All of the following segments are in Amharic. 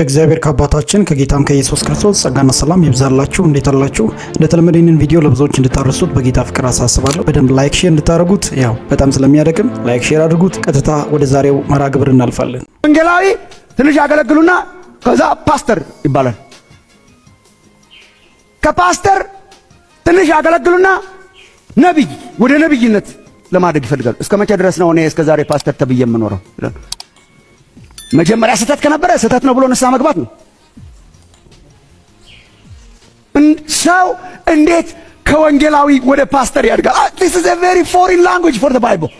ከእግዚአብሔር ከአባታችን ከጌታም ከኢየሱስ ክርስቶስ ጸጋና ሰላም ይብዛላችሁ። እንዴት አላችሁ? እንደተለመደ ይህንን ቪዲዮ ለብዙዎች እንድታርሱት በጌታ ፍቅር አሳስባለሁ። በደንብ ላይክ ሼር እንድታደርጉት ያው በጣም ስለሚያደግም ላይክ ሼር አድርጉት። ቀጥታ ወደ ዛሬው መራ ግብር እናልፋለን። ወንጌላዊ ትንሽ ያገለግሉና ከዛ ፓስተር ይባላል። ከፓስተር ትንሽ ያገለግሉና ነቢይ ወደ ነቢይነት ለማደግ ይፈልጋሉ። እስከ መቼ ድረስ ነው እኔ እስከ ዛሬ ፓስተር ተብዬ የምኖረው? መጀመሪያ ስህተት ከነበረ ስህተት ነው ብሎ ንስሐ መግባት ነው። ሰው እንዴት ከወንጌላዊ ወደ ፓስተር ያድጋል? Ah, this is a very foreign language for the bible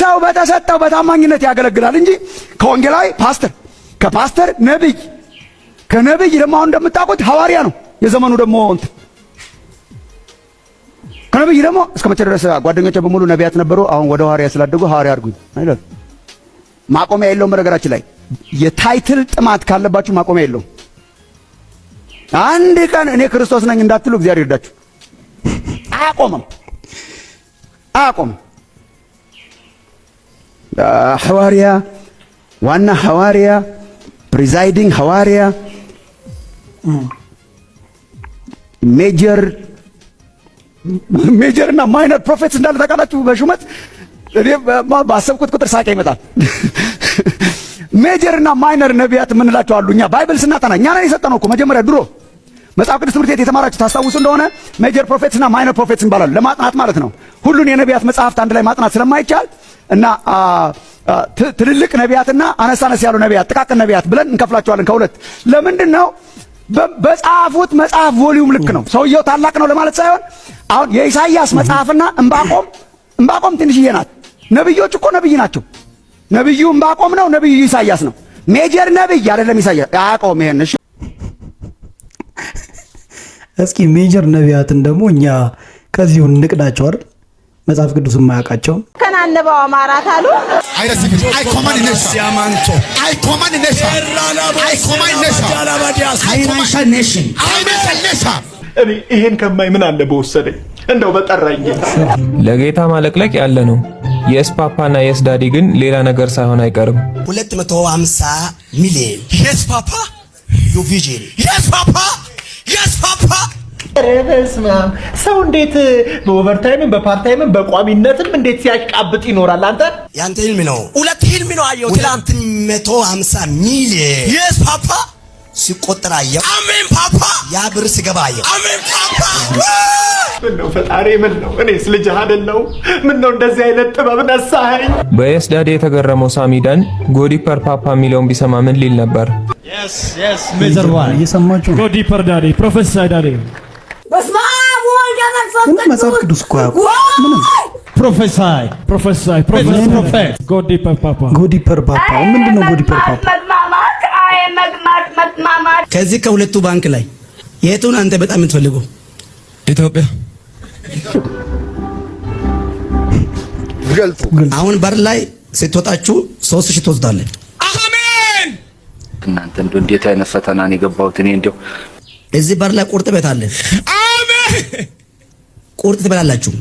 ሰው በተሰጠው በታማኝነት ያገለግላል እንጂ ከወንጌላዊ ፓስተር፣ ከፓስተር ነብይ፣ ከነብይ ደግሞ አሁን እንደምታውቁት ሐዋርያ ነው። የዘመኑ ደግሞ እንትን ከነብይ ደግሞ እስከ መቼ ድረስ ጓደኞቼ በሙሉ ነቢያት ነበሩ፣ አሁን ወደ ሐዋርያ ስላደጉ ሐዋርያ አድርጉኝ አይደል ማቆሚያ የለውም። በነገራችን ላይ የታይትል ጥማት ካለባችሁ ማቆሚያ የለውም። አንድ ቀን እኔ ክርስቶስ ነኝ እንዳትሉ እግዚአብሔር ይርዳችሁ። አያቆምም፣ አያቆምም። ሐዋርያ፣ ዋና ሐዋርያ፣ ፕሪዛይዲንግ ሐዋርያ፣ ሜጀር ሜጀርና ማይነር ፕሮፌትስ እንዳለ ታውቃላችሁ በሹመት እኔ ባሰብኩት ቁጥር ሳቄ ይመጣል። ሜጀር እና ማይነር ነቢያት የምንላቸው አሉ። እኛ ባይብል ስናጠና እኛ ነን የሰጠነው እኮ መጀመሪያ ድሮ መጽሐፍ ቅዱስ ትምህርት ቤት የተማራችሁ ታስታውሱ እንደሆነ ሜጀር ፕሮፌትስ እና ማይነር ፕሮፌትስ ይባላሉ። ለማጥናት ማለት ነው። ሁሉን የነቢያት መጽሐፍት አንድ ላይ ማጥናት ስለማይቻል እና ትልልቅ ነቢያትና አነስ አነስ ያሉ ነቢያት፣ ጥቃቅን ነቢያት ብለን እንከፍላቸዋለን ከሁለት። ለምንድን ነው? በጻፉት መጽሐፍ ቮሊዩም ልክ ነው። ሰውየው ታላቅ ነው ለማለት ሳይሆን አሁን የኢሳይያስ መጽሐፍና እምባቆም እምባቆም ትንሽዬ ናት። ነብዮች እኮ ነብይ ናቸው። ነብዩ ዕንባቆም ነው። ነብዩ ኢሳያስ ነው። ሜጀር ነብይ አይደለም። ኢሳያስ አያውቀውም ይሄን። እሺ እስኪ ሜጀር ነቢያትን ደግሞ እኛ ከዚሁ እንቅዳቸው አይደል? መጽሐፍ ቅዱስ የማያውቃቸው ከናነበው አማራት አሉ። እኔ ይሄን ከማይ ምን አለ በወሰደኝ እንደው በጠራኝ ለጌታ ማለቅለቅ ያለ ነው። የስ ፓፓና የስ ዳዲ ግን ሌላ ነገር ሳይሆን አይቀርም። 250 ሚሊዮን የስ ፓፓ ዩቪጂሪ የስ ፓፓ የስ ፓፓ ረበስማ ሰው እንዴት በኦቨርታይምም በፓርታይምም በቋሚነትም እንዴት ሲያሽቃብጥ ይኖራል? አንተ ያንተ ህልም ነው፣ ሁለት ህልም ነው። አየው ትላንት 150 ሚሊዮን የስ ፓፓ ሲቆጠር አየሁ። አሜን ፓፓ። ያ ብር ሲገባ አየሁ። አሜን ፓፓ። ምነው ፈጣሪ፣ ምነው እኔስ ልጅህ አይደለሁ? ምነው እንደዚህ አይነት ጥበብ ነሳኸኝ። በየስዳዴ የተገረመው ሳሚዳን ጎዲፐር ፓፓ የሚለውን ቢሰማ ምን ሊል ነበር? እየሰማችሁ ጎዲፐር ዳዴ ፕሮፌሰር ዳዴ ምንም መጽሐፍ ቅዱስ እኮ ምንም ፕሮፌሰር ፕሮፌሰር ፕሮፌሰር ጎዲፐር ፓፓ ጎዲፐር ፓፓ ምንድን ነው ጎዲፐር ፓፓ መማማር ከዚህ ከሁለቱ ባንክ ላይ የቱን አንተ በጣም የምትፈልገው? ኢትዮጵያ አሁን በር ላይ ስትወጣችሁ ሶስት ሺህ ትወስዳለህ። አሜን። እናንተ እንደው እንዴት አይነት ፈተና ነው የገባሁት እኔ እንደው እዚህ በር ላይ ቁርጥ ቤት አለ። አሜን። ቁርጥ ትበላላችሁ።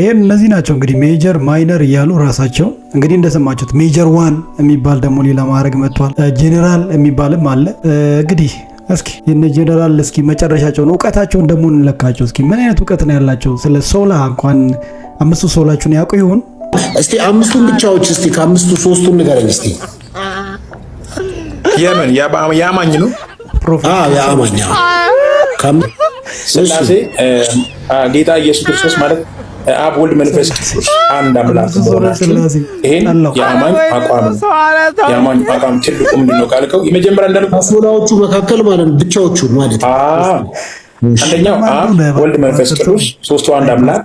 ይህም እነዚህ ናቸው እንግዲህ ሜጀር ማይነር እያሉ ራሳቸው እንግዲህ እንደሰማችሁት ሜጀር ዋን የሚባል ደግሞ ሌላ ማዕረግ መጥቷል። ጄኔራል የሚባልም አለ እንግዲህ እስኪ የነ ጀነራል እስኪ መጨረሻቸውን እውቀታቸውን ደግሞ እንለካቸው። እስኪ ምን አይነት እውቀት ነው ያላቸው? ስለ ሶላ እንኳን አምስቱ ሶላችሁን ያውቁ ይሆን? እስቲ አምስቱን ብቻዎች እስቲ ከአምስቱ ሶስቱን ንገረኝ እስቲ። የምን የአማኝ ነው? የአማኝ ስላሴ ጌታ ኢየሱስ ክርስቶስ ማለት አብ ወልድ መንፈስ ቅዱስ አንድ አምላክ መሆናቸው የአማኝ አቋም የአማኝ አቋም ትልቁ ምንድን ነው ካልከው የመጀመሪያ እንዳልኩ መካከል ማለት ብቻዎቹ ማለት አንደኛው አብ ወልድ መንፈስ ቅዱስ ሶስቱ አንድ አምላክ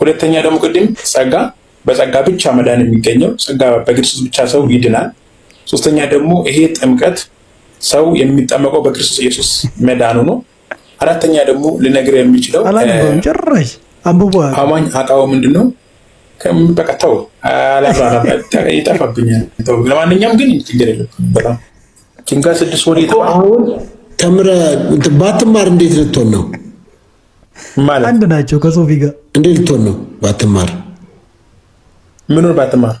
ሁለተኛ ደግሞ ቅድም ጸጋ በጸጋ ብቻ መዳን የሚገኘው ጸጋ ብቻ ሰው ይድናል ሶስተኛ ደግሞ ይሄ ጥምቀት ሰው የሚጠመቀው በክርስቶስ ኢየሱስ መዳኑ ነው። አራተኛ ደግሞ ልነግር የሚችለው ጭራሽ አማኝ አቃው ምንድን ነው? በቃ ተው ይጠፋብኛል። ለማንኛውም ግን ችግር የለም። በጣም ጭንጋ ስድስት ወደ አሁን ተምረህ ባትማር እንዴት ልትሆን ነው? አንድ ናቸው ከሶፊ ጋር እንዴት ልትሆን ነው? ባትማር ምኑን ባትማር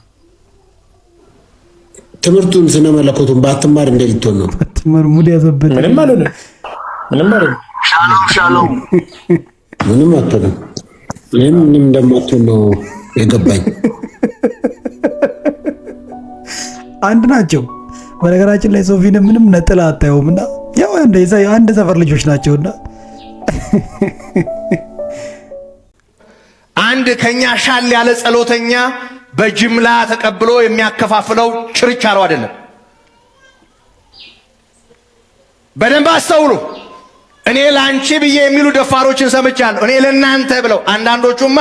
ትምህርቱን ስነ መለኮቱን ባትማር እንዴት ልትሆን ነው? ባትማር ሙድ ያዘበት ምንም አለ ምንም አለ ሻሎም ሻሎም። ምንም አትሆንም። ይህም ምንም እንደማትሆን ነው የገባኝ። አንድ ናቸው። በነገራችን ላይ ሶፊን ምንም ነጥላ አታየውም እና ያው አንድ ሰፈር ልጆች ናቸውና አንድ ከኛ ሻል ያለ ጸሎተኛ በጅምላ ተቀብሎ የሚያከፋፍለው ችርቻሮ አይደለም። በደንብ አስተውሉ። እኔ ለአንቺ ብዬ የሚሉ ደፋሮችን ሰምቻለሁ። እኔ ለእናንተ ብለው አንዳንዶቹማ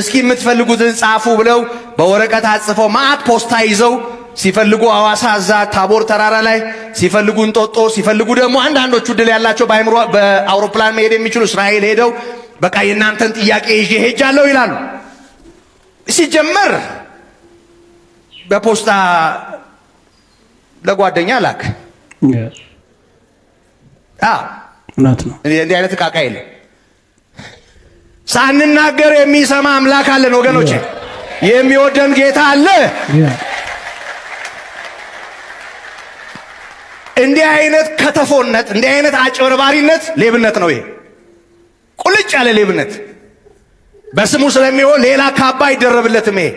እስኪ የምትፈልጉትን ጻፉ ብለው በወረቀት አጽፈው ማአት ፖስታ ይዘው ሲፈልጉ አዋሳ እዛ ታቦር ተራራ ላይ ሲፈልጉ እንጦጦ ሲፈልጉ ደግሞ አንዳንዶቹ ድል ያላቸው በአይምሮ በአውሮፕላን መሄድ የሚችሉ እስራኤል ሄደው በቃ የእናንተን ጥያቄ ይዤ ሄጃለሁ ይላሉ ሲጀመር በፖስታ ለጓደኛ ላክ። እንዲህ አይነት ቃቃ የለም። ሳንናገር የሚሰማ አምላክ አለን ወገኖች፣ የሚወደን ጌታ አለ። እንዲህ አይነት ከተፎነት፣ እንዲህ አይነት አጭበርባሪነት ሌብነት ነው። ይሄ ቁልጭ ያለ ሌብነት በስሙ ስለሚሆን ሌላ ካባ አይደረብለትም። ይሄ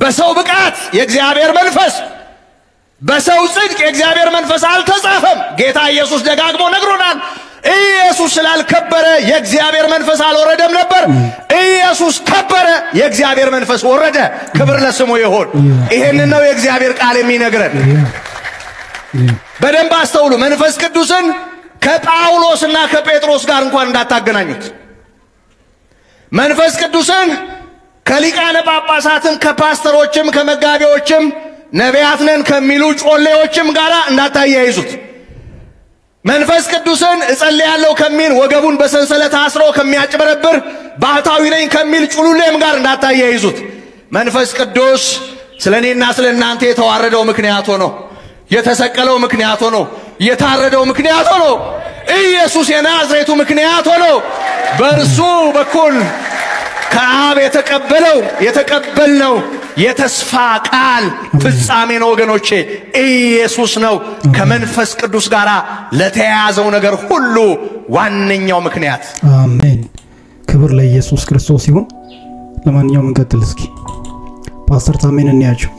በሰው ብቃት የእግዚአብሔር መንፈስ፣ በሰው ጽድቅ የእግዚአብሔር መንፈስ አልተጻፈም። ጌታ ኢየሱስ ደጋግሞ ነግሮናል። ኢየሱስ ስላልከበረ የእግዚአብሔር መንፈስ አልወረደም ነበር። ኢየሱስ ከበረ፣ የእግዚአብሔር መንፈስ ወረደ። ክብር ለስሙ ይሁን። ይህን ነው የእግዚአብሔር ቃል የሚነግረን። በደንብ አስተውሉ። መንፈስ ቅዱስን ከጳውሎስና ከጴጥሮስ ጋር እንኳን እንዳታገናኙት። መንፈስ ቅዱስን ከሊቃነ ጳጳሳትም ከፓስተሮችም ከመጋቢዎችም ነቢያት ነን ከሚሉ ጮሌዎችም ጋር እንዳታያይዙት። መንፈስ ቅዱስን እጸልያለሁ ከሚል ወገቡን በሰንሰለት አስሮ ከሚያጭበረብር ባህታዊ ነኝ ከሚል ጩሉሌም ጋር እንዳታያይዙት። መንፈስ ቅዱስ ስለ እኔና ስለ እናንተ የተዋረደው ምክንያት ሆኖ፣ የተሰቀለው ምክንያት ሆኖ፣ የታረደው ምክንያት ሆኖ፣ ኢየሱስ የናዝሬቱ ምክንያት ሆኖ በእርሱ በኩል ከአብ የተቀበለው የተቀበልነው የተስፋ ቃል ፍጻሜ ነው ወገኖቼ፣ ኢየሱስ ነው። ከመንፈስ ቅዱስ ጋር ለተያያዘው ነገር ሁሉ ዋነኛው ምክንያት። አሜን። ክብር ለኢየሱስ ክርስቶስ ይሁን። ለማንኛውም እንቀጥል እስኪ። ፓስተር ታሜን እንያቸው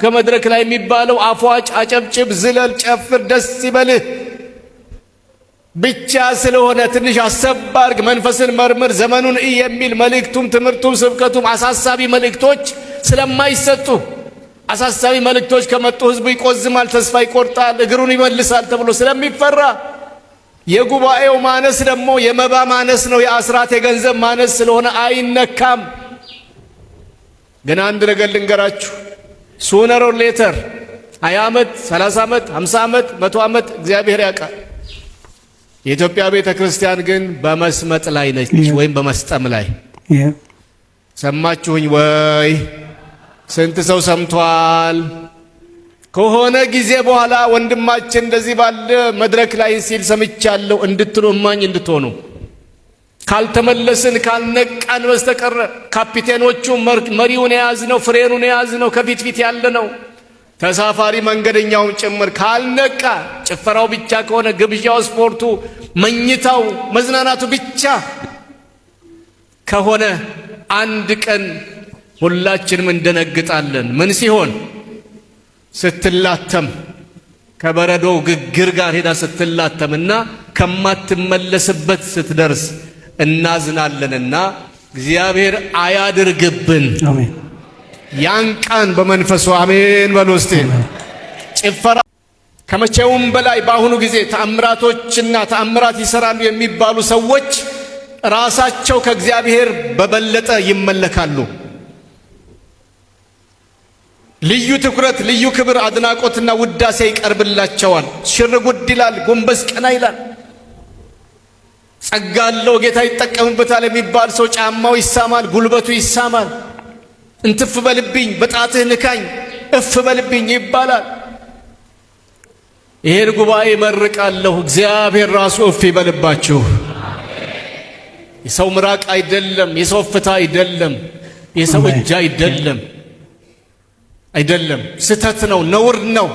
ከመድረክ ላይ የሚባለው አፏጭ፣ አጨብጭብ፣ ዝለል፣ ጨፍር፣ ደስ ይበልህ ብቻ ስለሆነ ትንሽ አሰባርግ መንፈስን መርምር፣ ዘመኑን እ የሚል መልእክቱም ትምህርቱም ስብከቱም አሳሳቢ መልእክቶች ስለማይሰጡ አሳሳቢ መልእክቶች ከመጡ ህዝቡ ይቆዝማል፣ ተስፋ ይቆርጣል፣ እግሩን ይመልሳል ተብሎ ስለሚፈራ የጉባኤው ማነስ ደግሞ የመባ ማነስ ነው። የአስራት የገንዘብ ማነስ ስለሆነ አይነካም። ግን አንድ ነገር ልንገራችሁ፣ ሱነር ኦር ሌተር 20 ዓመት 30 ዓመት 50 ዓመት 100 ዓመት እግዚአብሔር ያውቃል። የኢትዮጵያ ቤተ ክርስቲያን ግን በመስመጥ ላይ ነች፣ ወይም በመስጠም ላይ ሰማችሁኝ ወይ? ስንት ሰው ሰምቷል? ከሆነ ጊዜ በኋላ ወንድማችን እንደዚህ ባለ መድረክ ላይ ሲል ሰምቻለሁ እንድትሉ እማኝ እንድትሆኑ ካልተመለስን ካልነቃን በስተቀር ካፒቴኖቹ መሪውን የያዝ ነው፣ ፍሬኑን የያዝ ነው፣ ከፊት ፊት ያለ ነው። ተሳፋሪ መንገደኛውም ጭምር ካልነቃ ጭፈራው ብቻ ከሆነ ግብዣው፣ ስፖርቱ፣ መኝታው፣ መዝናናቱ ብቻ ከሆነ አንድ ቀን ሁላችንም እንደነግጣለን። ምን ሲሆን ስትላተም ከበረዶ ግግር ጋር ሄዳ ስትላተምና ከማትመለስበት ስትደርስ እናዝናለንና እግዚአብሔር አያድርግብን። አሜን። ያን ቀን በመንፈሱ አሜን በሉ እስቲ። ጭፈራ ከመቼውም በላይ በአሁኑ ጊዜ ተአምራቶችና ተአምራት ይሰራሉ የሚባሉ ሰዎች ራሳቸው ከእግዚአብሔር በበለጠ ይመለካሉ። ልዩ ትኩረት፣ ልዩ ክብር፣ አድናቆትና ውዳሴ ይቀርብላቸዋል። ሽር ጉድ ይላል፣ ጎንበስ ቀና ይላል። ጸጋለው ጌታ ይጠቀምበታል የሚባል ሰው ጫማው ይሳማል፣ ጉልበቱ ይሳማል። እንትፍ በልብኝ በጣትህ ንካኝ እፍ በልብኝ ይባላል። ይሄን ጉባኤ መርቃለሁ። እግዚአብሔር ራሱ እፍ ይበልባችሁ። የሰው ምራቅ አይደለም፣ የሰው ፍታ አይደለም፣ የሰው እጅ አይደለም አይደለም። ስተት ነው፣ ነውር ነው።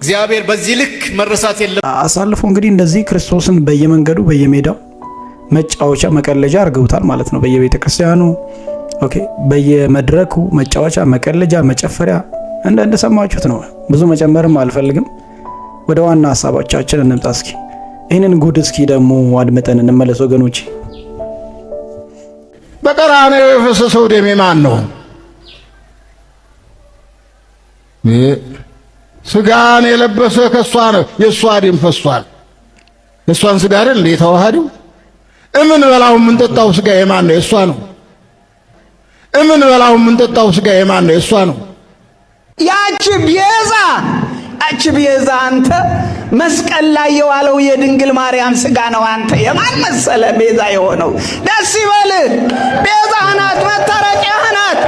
እግዚአብሔር በዚህ ልክ መረሳት የለም። አሳልፎ እንግዲህ እንደዚህ ክርስቶስን በየመንገዱ በየሜዳው መጫወቻ መቀለጃ አድርገውታል ማለት ነው በየቤተ ክርስቲያኑ ኦኬ፣ በየመድረኩ መጫወቻ፣ መቀለጃ፣ መጨፈሪያ እንደ እንደሰማችሁት ነው። ብዙ መጨመርም አልፈልግም። ወደ ዋና ሀሳባቻችን እንምጣ እስኪ። ይህንን ጉድ እስኪ ደግሞ አድምጠን እንመለስ ወገኖች። በቀራንዮ የፈሰሰው ደሜ ማን ነው? ስጋን የለበሰ ከእሷ ነው። የእሷ ደም ፈሷል። የእሷን ስጋ አይደል የተዋሃደው? እምን በላው የምንጠጣው ስጋ የማን ነው? የእሷ ነው። እምን በላው የምንጠጣው ስጋ የማን ነው? እሷ ነው። ያቺ ቤዛ ያቺ ቤዛ አንተ መስቀል ላይ የዋለው የድንግል ማርያም ስጋ ነው። አንተ የማን መሰለ ቤዛ የሆነው? ደስ ይበልህ። ቤዛ ናት፣ መታረቂያ ናት፣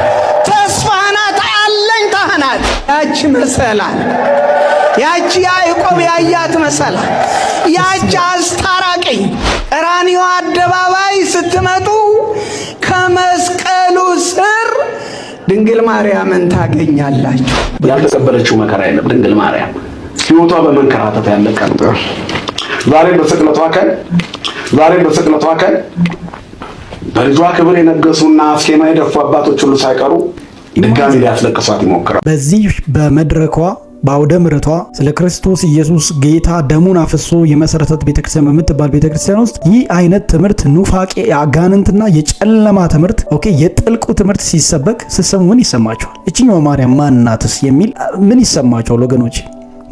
ተስፋ ናት፣ አለኝታ ናት። ያቺ መሰላል ያቺ ያዕቆብ ያያት መሰላል ያቺ አስታራቂ ራኒዋ አደባባይ ስትመጡ ድንግል ማርያምን ታገኛላችሁ። ያልተቀበለችው መከራ የለም። ድንግል ማርያም ህይወቷ በመንከራተት ያለቀ ዛሬ በስቅለቷ ቀን ዛሬ በስቅለቷ ቀን በልጇ ክብር የነገሱና አስኬማ የደፉ አባቶች ሁሉ ሳይቀሩ ድጋሚ ሊያስለቅሷት ይሞክራል። በዚህ በመድረኳ በአውደ ምረቷ ስለ ክርስቶስ ኢየሱስ ጌታ ደሙን አፍሶ የመሰረተት ቤተክርስቲያን በምትባል ቤተክርስቲያን ውስጥ ይህ አይነት ትምህርት ኑፋቄ፣ አጋንንትና የጨለማ ትምህርት ኦኬ፣ የጥልቁ ትምህርት ሲሰበክ ስሰሙ ምን ይሰማቸዋል? እችኛዋ ማርያም ማናትስ የሚል ምን ይሰማቸዋል ወገኖች?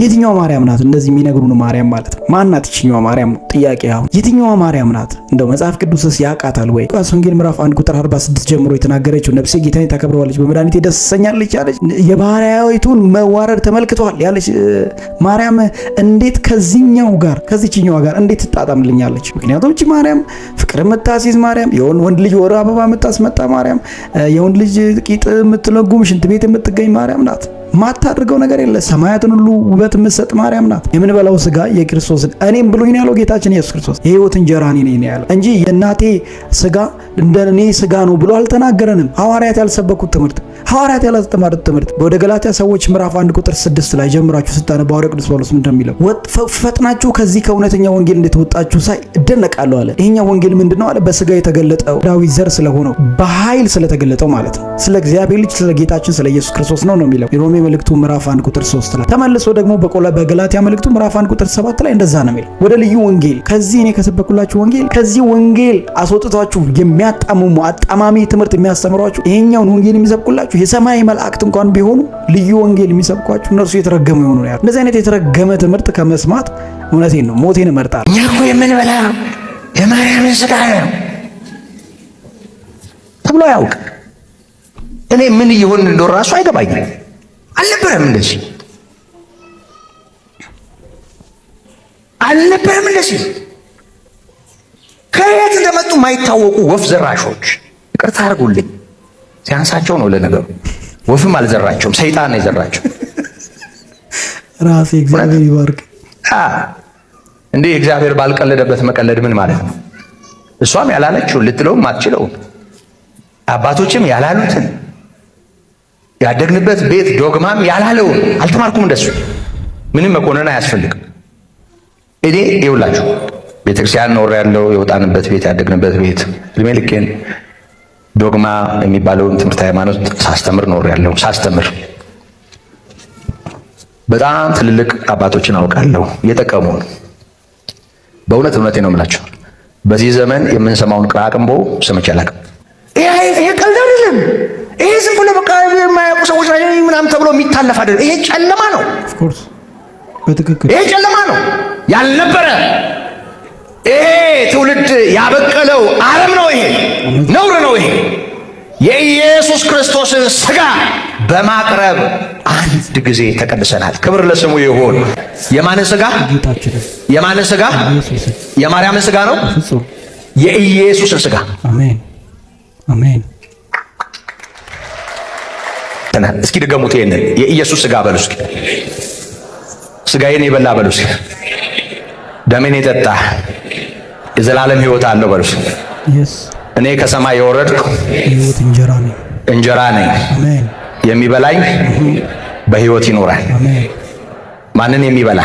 የትኛዋ ማርያም ናት? እንደዚህ የሚነግሩን ማርያም ማለት ነው። ማን ይችኛዋ ማርያም? ጥያቄ አሁን የትኛዋ ማርያም ናት? እንደው መጽሐፍ ቅዱስስ ያውቃታል ወይ? ሉቃስ ወንጌል ምዕራፍ 1 ቁጥር 46 ጀምሮ የተናገረችው ነፍሴ ጌታን ታከብረዋለች፣ በመድኃኒቴ ደስ ትሰኛለች ያለች የባሪያዊቱን መዋረድ ተመልክቷል ያለች ማርያም እንዴት ከዚህኛው ጋር ከዚችኛዋ ጋር እንዴት ትጣጣምልኛለች? ምክንያቱም እቺ ማርያም ፍቅር የምታስይዝ ማርያም፣ የወንድ ልጅ ወደ አበባ የምታስመጣ ማርያም፣ የወንድ ልጅ ቂጥ የምትለጉም ሽንት ቤት የምትገኝ ማርያም ናት። ማታድርገው ነገር የለ። ሰማያትን ሁሉ ውበት የምትሰጥ ማርያም ናት። የምንበላው ስጋ የክርስቶስን እኔም ብሎኝ ያለው ጌታችን ኢየሱስ ክርስቶስ የህይወት እንጀራ እኔ ነኝ ያለው እንጂ የእናቴ ስጋ እንደ እኔ ስጋ ነው ብሎ አልተናገረንም። ሐዋርያት ያልሰበኩት ትምህርት ሐዋርያት ያላስተማሩት ትምህርት ወደ ገላትያ ሰዎች ምዕራፍ 1 ቁጥር 6 ላይ ጀምራችሁ ስታነ ሐዋርያ ቅዱስ ጳውሎስ እንደሚለው ፈጥናችሁ ከዚህ ከእውነተኛ ወንጌል እንደተወጣችሁ ሳይ እደነቃለሁ አለ። ይሄኛው ወንጌል ምንድነው አለ? በስጋ የተገለጠው ዳዊት ዘር ስለሆነው በኃይል ስለተገለጠው ማለት ነው። ስለ እግዚአብሔር ልጅ ስለ ጌታችን ስለ ኢየሱስ ክርስቶስ ነው ነው የሚለው የሮሜ መልእክቱ ምዕራፍ 1 ቁጥር 3 ላይ። ተመልሶ ደግሞ በገላትያ መልእክቱ ምዕራፍ 1 ቁጥር 7 ላይ እንደዛ ነው የሚለው ወደ ልዩ ወንጌል ከዚህ እኔ ከሰበኩላችሁ ወንጌል ከዚህ ወንጌል አስወጥቷችሁ የሚያጣምሙ አጣማሚ ትምህርት የሚያስተምሯችሁ ይሄኛውን ወንጌል የሚሰብኩላችሁ የምነግራችሁ የሰማይ መላእክት እንኳን ቢሆኑ ልዩ ወንጌል የሚሰብኳችሁ እነርሱ የተረገሙ የሆኑ ነው እንደዚህ አይነት የተረገመ ትምህርት ከመስማት እውነቴን ነው ሞቴን እመርጣለሁ። እኛ እኮ የምንበላ የማርያምን ስጋ ነው ተብሎ አያውቅ። እኔ ምን እየሆን እንደሆነ ራሱ አይገባኝም። አልነበረም እንደዚህ አልነበረም እንደዚህ ከየት እንደመጡ የማይታወቁ ወፍ ዘራሾች ይቅርታ አድርጉልኝ። ሲያንሳቸው ነው። ለነገሩ ወፍም አልዘራቸውም፣ ሰይጣን ነው የዘራቸው። ራሴ እግዚአብሔር ይባርክ። እንዲህ እግዚአብሔር ባልቀለደበት መቀለድ ምን ማለት ነው? እሷም ያላለችውን ልትለውም አትችለውም። አባቶችም ያላሉትን ያደግንበት ቤት ዶግማም ያላለውን አልተማርኩም። እንደሱ ምንም መኮንን አያስፈልግም። እኔ ይውላችሁ ቤተክርስቲያን ኖር ያለው የወጣንበት ቤት ያደግንበት ቤት እድሜ ልኬን ዶግማ የሚባለውን ትምህርት ሃይማኖት ሳስተምር ኖር ያለው ሳስተምር በጣም ትልልቅ አባቶችን አውቃለሁ የጠቀሙ በእውነት እውነቴ ነው የምላቸው። በዚህ ዘመን የምንሰማውን ቅራቅንቦ ሰምቼ አላውቅም። ይሄ ቀልድ አይደለም። ይሄ ዝም ብሎ በቃ የማያውቁ ሰዎች ምናምን ተብሎ የሚታለፍ አይደለም። ይሄ ጨለማ ነው። ይሄ ጨለማ ነው ያልነበረ ይሄ ትውልድ ያበቀለው አረም ነው። ይሄ ነውር ነው። ይሄ የኢየሱስ ክርስቶስን ሥጋ በማቅረብ አንድ ጊዜ ተቀድሰናል። ክብር ለስሙ ይሁን። የማንን ሥጋ? የማንን ሥጋ? የማርያምን ሥጋ ነው። የኢየሱስን ሥጋ አሜን፣ አሜን። እስኪ ድገሙት ይሄንን የኢየሱስ ሥጋ በሉ እስኪ። ሥጋዬን የበላ በሉ እስኪ። ደሜን የጠጣ የዘላለም ህይወት አለው በርሱ እኔ ከሰማይ የወረድኩ እንጀራ ነኝ። የሚበላኝ በህይወት ይኖራል። ማንን የሚበላ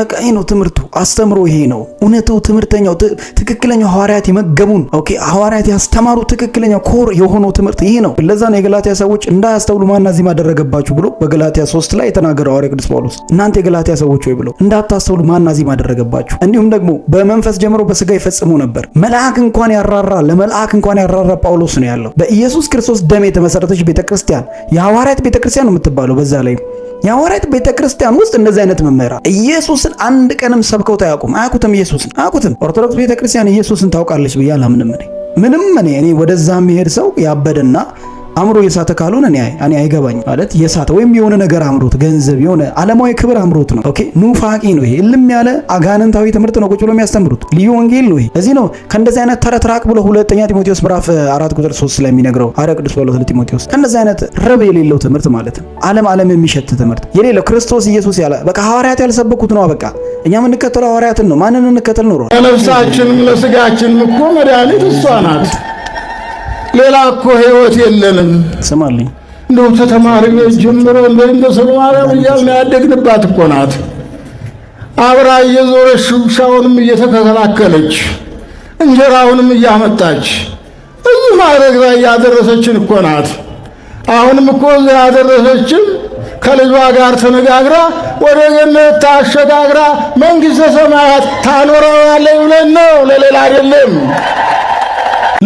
በቃ ነው ትምህርቱ፣ አስተምሮ ይሄ ነው እውነቱ። ትምህርተኛው ትክክለኛው ሐዋርያት የመገቡን ኦኬ፣ ሐዋርያት ያስተማሩ ትክክለኛው ኮር የሆነው ትምህርት ይሄ ነው። ለዛ ነው የገላትያ ሰዎች እንዳያስተውሉ ማና ዚማ አደረገባችሁ ብሎ በገላትያ 3 ላይ የተናገረው ሐዋርያ ቅዱስ ጳውሎስ እናንተ የገላትያ ሰዎች ሆይ ብሎ እንዳታስተውሉ ማና ዚማ ማደረገባችሁ እንዲሁም ደግሞ በመንፈስ ጀምሮ በስጋ ይፈጽሙ ነበር። መልአክ እንኳን ያራራ ለመልአክ እንኳን ያራራ ጳውሎስ ነው ያለው። በኢየሱስ ክርስቶስ ደም የተመሰረተች ቤተክርስቲያን የሐዋርያት ቤተክርስቲያን ነው የምትባለው በዛ ላይ የሐዋርያት ቤተ ክርስቲያን ውስጥ እንደዚህ አይነት መምህራን ኢየሱስን አንድ ቀንም ሰብከውት አያውቁም። አያውቁትም፣ ኢየሱስን አያውቁትም። ኦርቶዶክስ ቤተ ክርስቲያን ኢየሱስን ታውቃለች ብዬ አላምንም። እኔ ምንም እኔ እኔ ወደዛ የሚሄድ ሰው ያበደና አምሮ የሳተ ካልሆነ እኔ አይገባኝ ማለት የሳተ ወይም የሆነ ነገር አምሮት ገንዘብ የሆነ ዓለማዊ ክብር አምሮት ነው። ኦኬ ኑፋቂ ነው። ይሄ እልም ያለ አጋንንታዊ ትምህርት ነው ቁጭ ብሎ የሚያስተምሩት ልዩ ወንጌል ነው። ይሄ እዚህ ነው ከእንደዚህ አይነት ተረት ራቅ ብሎ ሁለተኛ ጢሞቴዎስ ምዕራፍ አራት ቁጥር ሶስት ስለሚነግረው አረ ቅዱስ ጳውሎስ ለጢሞቴዎስ ከእንደዚህ አይነት ረብ የሌለው ትምህርት ማለት ነው። ዓለም ዓለም የሚሸት ትምህርት የሌለው ክርስቶስ ኢየሱስ ያለ በቃ ሐዋርያት ያልሰበኩት ነው። በቃ እኛ የምንከተለው ሐዋርያትን ነው። ማንን እንከተል ኖሮ ለነፍሳችንም ለስጋችንም እኮ መድኃኒት እሷ ናት። ሌላ እኮ ህይወት የለንም። ስማልኝ እንደው ተተማሪ ጀምሮ እንደ ስለ ማርያም እያልን ያደግንባት እኮ ናት። አብራ እየዞረች ሹሻውንም እየተከላከለች እንጀራውንም እያመጣች እዚህ ማድረግ ላይ ያደረሰችን እኮ ናት። አሁንም እኮ እዚህ ያደረሰችን ከልጇ ጋር ተነጋግራ ወደ ገነት ታሸጋግራ መንግሥተ ሰማያት ያለ ይብለን ነው፣ ለሌላ አይደለም።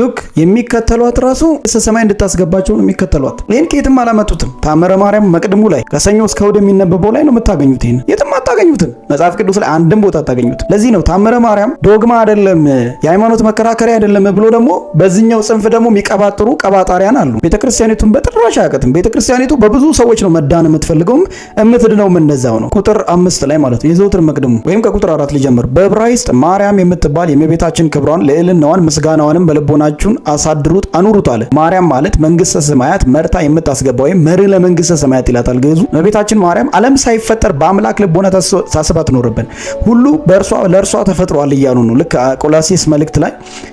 ሉክ የሚከተሏት ራሱ ሰማይ እንድታስገባቸው ነው የሚከተሏት። ይህን ከየትም አላመጡትም። ታምረ ማርያም መቅድሙ ላይ ከሰኞ እስከ እሑድ የሚነበበው ላይ ነው የምታገኙት። ይህን የትም አታገኙትም። መጽሐፍ ቅዱስ ላይ አንድም ቦታ አታገኙትም። ለዚህ ነው ታምረ ማርያም ዶግማ አይደለም፣ የሃይማኖት መከራከሪያ አይደለም ብሎ ደግሞ በዚህኛው ጽንፍ ደግሞ የሚቀባጥሩ ቀባጣሪያን አሉ። ቤተክርስቲያኒቱን በጥራሽ አያውቅትም። ቤተክርስቲያኒቱ በብዙ ሰዎች ነው መዳን የምትፈልገውም የምትድነውም እንደዛው ነው። ቁጥር አምስት ላይ ማለት ነው የዘውትር መቅድሙ ወይም ከቁጥር አራት ሊጀምር በዕብራይስጥ ማርያም የምትባል የእመቤታችን ክብሯን ልዕልናዋን ምስጋናዋንም በልቦና ጫናችሁን አሳድሩት፣ አኑሩት አለ። ማርያም ማለት መንግስተ ሰማያት መርታ የምታስገባ ወይም መሪ ለመንግስተ ሰማያት ይላታል ግዕዙ። እመቤታችን ማርያም ዓለም ሳይፈጠር በአምላክ ልቦና ታስባ ትኖርብን፣ ሁሉ በእርሷ ለእርሷ ተፈጥሯል እያሉ ነው። ልክ ቆላሲስ መልእክት ላይ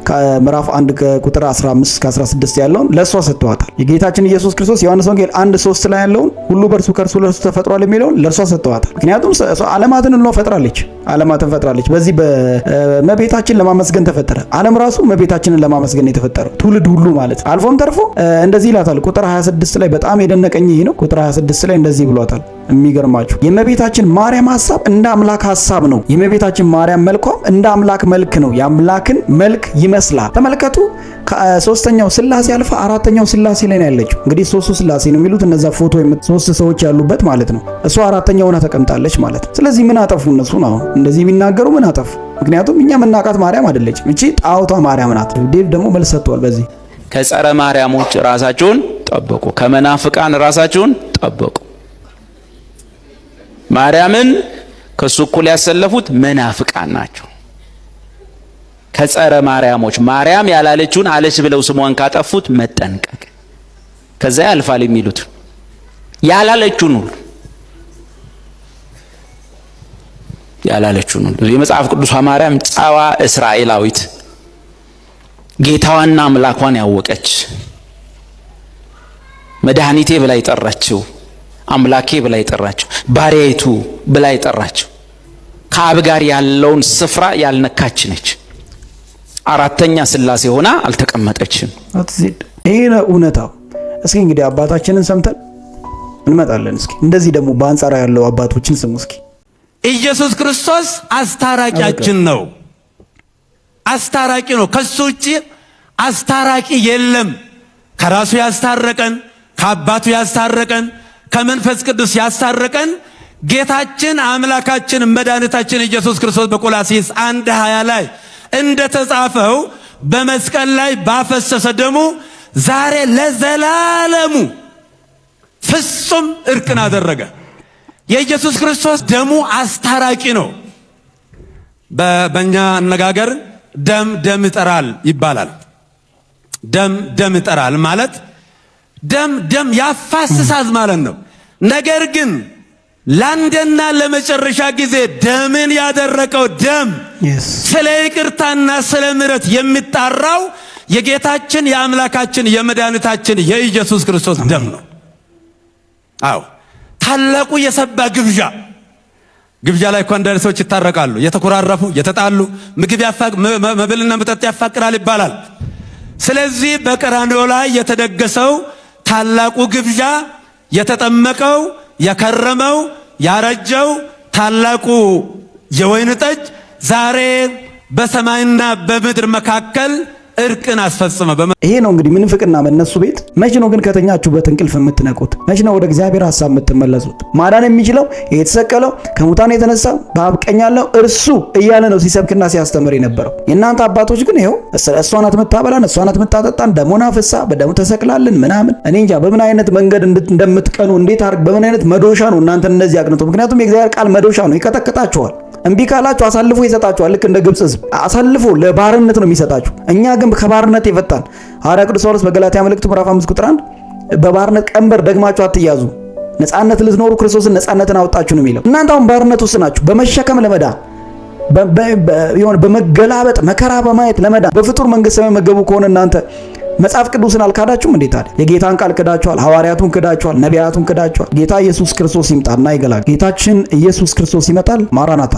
ከምዕራፍ 1 ከቁጥር 15 እስከ 16 ያለውን ለእሷ ሰጥተዋታል። የጌታችን ኢየሱስ ክርስቶስ ዮሐንስ ወንጌል 1 3 ላይ ያለውን ሁሉ በእርሱ ከእርሱ ለእርሱ ተፈጥሯል የሚለውን ለእርሷ ሰጥተዋታል። ምክንያቱም ዓለማትን እሎ ፈጥራለች ዓለማትን ፈጥራለች። በዚህ በመቤታችን ለማመስገን ተፈጠረ። ዓለም ራሱ መቤታችንን ለማመስገን ግን የተፈጠረው ትውልድ ሁሉ ማለት አልፎም ተርፎ እንደዚህ ይላታል። ቁጥር 26 ላይ በጣም የደነቀኝ ይሄ ነው። ቁጥር 26 ላይ እንደዚህ ብሏታል። የሚገርማችሁ የእመቤታችን ማርያም ሀሳብ እንደ አምላክ ሀሳብ ነው። የእመቤታችን ማርያም መልኳም እንደ አምላክ መልክ ነው። የአምላክን መልክ ይመስላል። ተመልከቱ። ሶስተኛው ስላሴ አልፋ አራተኛው ስላሴ ላይ ነው ያለችው። እንግዲህ ሶስቱ ስላሴ ነው የሚሉት እነዛ ፎቶ ሶስት ሰዎች ያሉበት ማለት ነው። እሷ አራተኛ ሆና ተቀምጣለች ማለት ነው። ስለዚህ ምን አጠፉ እነሱ ነው እንደዚህ የሚናገሩ ምን አጠፉ? ምክንያቱም እኛ የምናውቃት ማርያም አይደለችም፣ እቺ ጣዖቷ ማርያም ናት። ዴቭ ደግሞ መልስ ሰጥቷል። በዚህ ከጸረ ማርያሞች ራሳችሁን ጠበቁ፣ ከመናፍቃን ራሳችሁን ጠበቁ። ማርያምን ከሱ እኩል ያሰለፉት መናፍቃን ናቸው። ከጸረ ማርያሞች ማርያም ያላለችውን አለች ብለው ስሟን ካጠፉት መጠንቀቅ ከዛ ያልፋል የሚሉት ያላለችውን ሁሉ ያላለችው ነው። የመጽሐፍ ቅዱሷ ማርያም ጨዋ እስራኤላዊት ጌታዋና አምላኳን ያወቀች መድኃኒቴ ብላ የጠራችው አምላኬ ብላ የጠራችው ባሪያይቱ ብላ የጠራችው ከአብ ጋር ያለውን ስፍራ ያልነካች ነች። አራተኛ ሥላሴ ሆና አልተቀመጠችም። ይሄ ነው እውነታው። እስኪ እንግዲህ አባታችንን ሰምተን እንመጣለን። እስኪ እንደዚህ ደግሞ በአንጻራ ያለው አባቶችን ስሙ እስኪ ኢየሱስ ክርስቶስ አስታራቂያችን ነው። አስታራቂ ነው። ከሱ ውጭ አስታራቂ የለም። ከራሱ ያስታረቀን፣ ከአባቱ ያስታረቀን፣ ከመንፈስ ቅዱስ ያስታረቀን ጌታችን አምላካችን መድኃኒታችን ኢየሱስ ክርስቶስ በቆላሲስ አንድ ሃያ ላይ እንደ ተጻፈው በመስቀል ላይ ባፈሰሰ ደሙ ዛሬ ለዘላለሙ ፍጹም እርቅን አደረገ። የኢየሱስ ክርስቶስ ደሙ አስታራቂ ነው። በእኛ አነጋገር ደም ደም ይጠራል ይባላል። ደም ደም ይጠራል ማለት ደም ደም ያፋስሳል ማለት ነው። ነገር ግን ለአንድና ለመጨረሻ ጊዜ ደምን ያደረቀው ደም ስለ ይቅርታና ስለ ምሕረት የሚጣራው የጌታችን የአምላካችን የመድኃኒታችን የኢየሱስ ክርስቶስ ደም ነው። አዎ ታላቁ የሰባ ግብዣ ግብዣ ላይ እኮ አንዳንድ ሰዎች ይታረቃሉ፣ የተኮራረፉ የተጣሉ፣ ምግብ መብልና መጠጥ ያፋቅራል ይባላል። ስለዚህ በቀራንዮ ላይ የተደገሰው ታላቁ ግብዣ የተጠመቀው የከረመው ያረጀው ታላቁ የወይን ጠጅ ዛሬ በሰማይና በምድር መካከል እርቅን አስፈጽመ። ይሄ ነው እንግዲህ ምንፍቅና በእነሱ ቤት። መች ነው ግን ከተኛችሁበት እንቅልፍ የምትነቁት? መች ነው ወደ እግዚአብሔር ሀሳብ የምትመለሱት? ማዳን የሚችለው የተሰቀለው ከሙታን የተነሳ በአብ ቀኝ ያለው እርሱ እያለ ነው ሲሰብክና ሲያስተምር የነበረው። የእናንተ አባቶች ግን ይኸው እሷ ናት የምታበላን፣ እሷ ናት የምታጠጣን፣ ደሞና ፍሳ በደሙ ተሰቅላልን ምናምን። እኔ እንጃ በምን አይነት መንገድ እንደምትቀኑ እንዴት አድርግ፣ በምን አይነት መዶሻ ነው እናንተን እነዚህ አቅንቶ። ምክንያቱም የእግዚአብሔር ቃል መዶሻ ነው፣ ይቀጠቅጣችኋል። እምቢ ካላችሁ አሳልፎ ይሰጣችኋል። ልክ እንደ ግብጽ ህዝብ አሳልፎ ለባርነት ነው የሚሰጣችሁ። እኛ ግን ከባርነት የፈታን ሐዋርያ ቅዱስ ጳውሎስ በገላትያ መልእክቱ ምዕራፍ 5 ቁጥር 1 በባርነት ቀንበር ደግማችሁ አትያዙ፣ ነፃነት ልትኖሩ ክርስቶስን ነፃነትን አወጣችሁ ነው የሚለው። እናንተ አሁን ባርነት ውስጥ ናችሁ። በመሸከም ለመዳ የሆነ በመገላበጥ መከራ በማየት ለመዳ በፍጡር መንግስት መገቡ ከሆነ እናንተ መጽሐፍ ቅዱስን አልካዳችሁም እንዴት አለ የጌታን ቃል ክዳችኋል፣ ሐዋርያቱን ክዳችኋል፣ ነቢያቱን ክዳችኋል። ጌታ ኢየሱስ ክርስቶስ ይምጣና ይገላግል ጌታችን ኢየሱስ ክርስቶስ ይመጣል። ማራናታ